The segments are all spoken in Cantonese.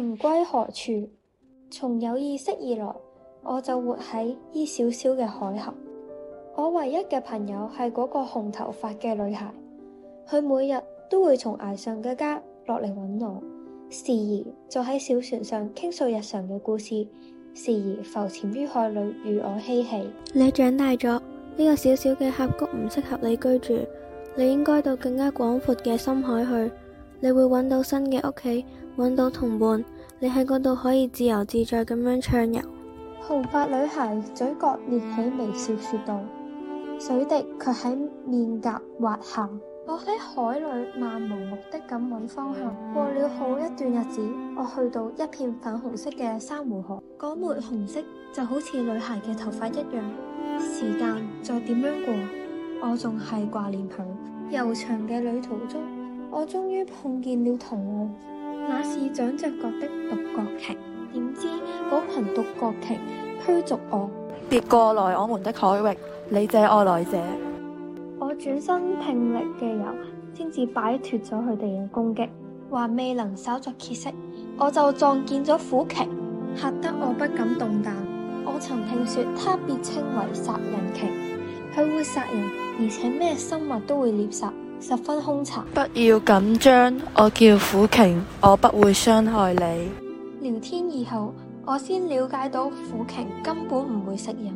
鯨歸何處？從有意識以來，我就活喺呢小小嘅海峽。我唯一嘅朋友係嗰個紅頭髮嘅女孩，佢每日都會從崖上嘅家落嚟揾我，時而坐喺小船上傾訴日常嘅故事，時而浮潛於海裏與我嬉戲。你長大咗，呢個小小嘅峽谷唔適合你居住，你應該到更加廣闊嘅深海去。你會揾到新嘅屋企，揾到同伴，你喺嗰度可以自由自在咁樣暢游。紅髮女孩嘴角捏起微笑說道，水滴卻喺面頰滑行。我喺海裏漫無目的咁揾方向，過了好一段日子，我去到一片粉紅色嘅珊瑚河。嗰抹紅色就好似女孩嘅頭髮一樣。時間再點樣過，我仲係掛念佢。悠長嘅旅途中。我終於碰見了同類，那是長着角的獨角鯨。點知嗰群獨角鯨驅逐我，別過來我們的海域，你這外來者！我轉身拼力嘅游，先至擺脫咗佢哋嘅攻擊，還未能稍作歇息，我就撞見咗虎鯨，嚇得我不敢動彈。我曾聽說它別稱為殺人鯨，佢會殺人，而且咩生物都會獵殺。十分兇殘。不要緊張，我叫虎鯨，我不會傷害你。聊天以後，我先了解到虎鯨根本唔會食人。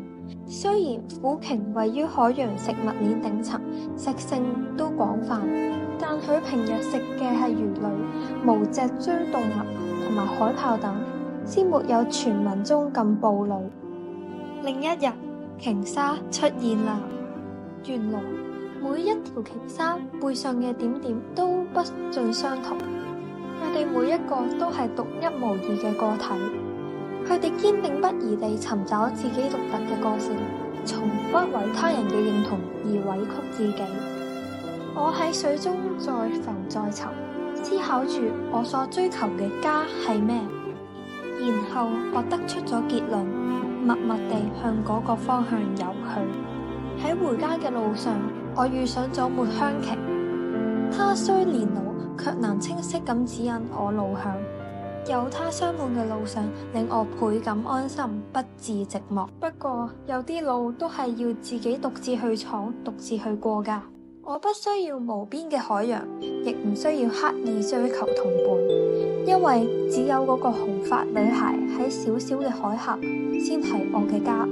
雖然虎鯨位於海洋食物鏈頂層，食性都廣泛，但佢平日食嘅係魚類、無脊椎動物同埋海豹等，先沒有傳聞中咁暴戾。另一日，鯨鯊出現啦，原來。每一條鯨鯊背上嘅點點都不盡相同，佢哋每一個都係獨一無二嘅個體，佢哋堅定不移地尋找自己獨特嘅個性，從不為他人嘅認同而委曲自己。我喺水中再浮再沉，思考住我所追求嘅家係咩，然後我得出咗結論，默默地向嗰個方向游去。喺回家嘅路上。我遇上咗抹香鯨，它雖年老，卻能清晰咁指引我路向。有它相伴嘅路上，令我倍感安心，不至寂寞。不過有啲路都係要自己獨自去闖，獨自去過噶。我不需要無邊嘅海洋，亦唔需要刻意追求同伴，因為只有嗰個紅髮女孩喺小小嘅海峽，先係我嘅家。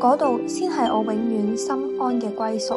嗰度先係我永遠心安嘅歸屬。